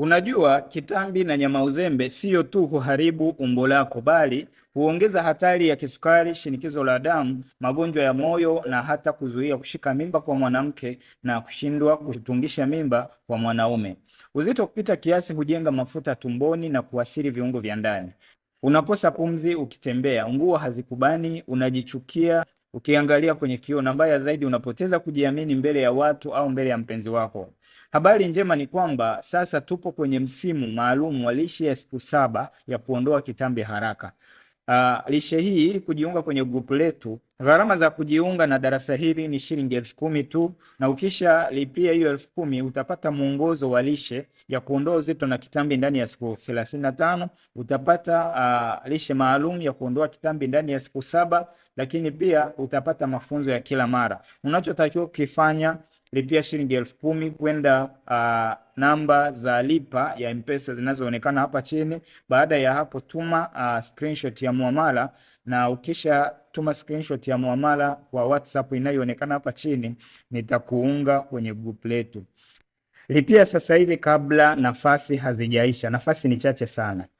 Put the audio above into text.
Unajua, kitambi na nyama uzembe siyo tu huharibu umbo lako, bali huongeza hatari ya kisukari, shinikizo la damu, magonjwa ya moyo na hata kuzuia kushika mimba kwa mwanamke na kushindwa kutungisha mimba kwa mwanaume. Uzito kupita kiasi hujenga mafuta tumboni na kuathiri viungo vya ndani. Unakosa pumzi ukitembea, nguo hazikubani, unajichukia ukiangalia kwenye kioo na mbaya zaidi, unapoteza kujiamini mbele ya watu au mbele ya mpenzi wako. Habari njema ni kwamba sasa tupo kwenye msimu maalum wa lishe ya siku saba ya kuondoa kitambi haraka. Uh, lishe hii ili kujiunga kwenye grupu letu, gharama za kujiunga na darasa hili ni shilingi elfu kumi tu, na ukisha lipia hiyo elfu kumi utapata mwongozo wa lishe ya kuondoa uzito na kitambi ndani ya siku thelathini na tano. Utapata uh, lishe maalum ya kuondoa kitambi ndani ya siku saba, lakini pia utapata mafunzo ya kila mara. Unachotakiwa kukifanya lipia shilingi elfu kumi kwenda uh, namba za lipa ya mpesa zinazoonekana hapa chini. Baada ya hapo, tuma uh, screenshot ya muamala, na ukisha tuma screenshot ya muamala kwa WhatsApp inayoonekana hapa chini, nitakuunga kwenye group letu. Lipia sasa hivi kabla nafasi hazijaisha. Nafasi ni chache sana.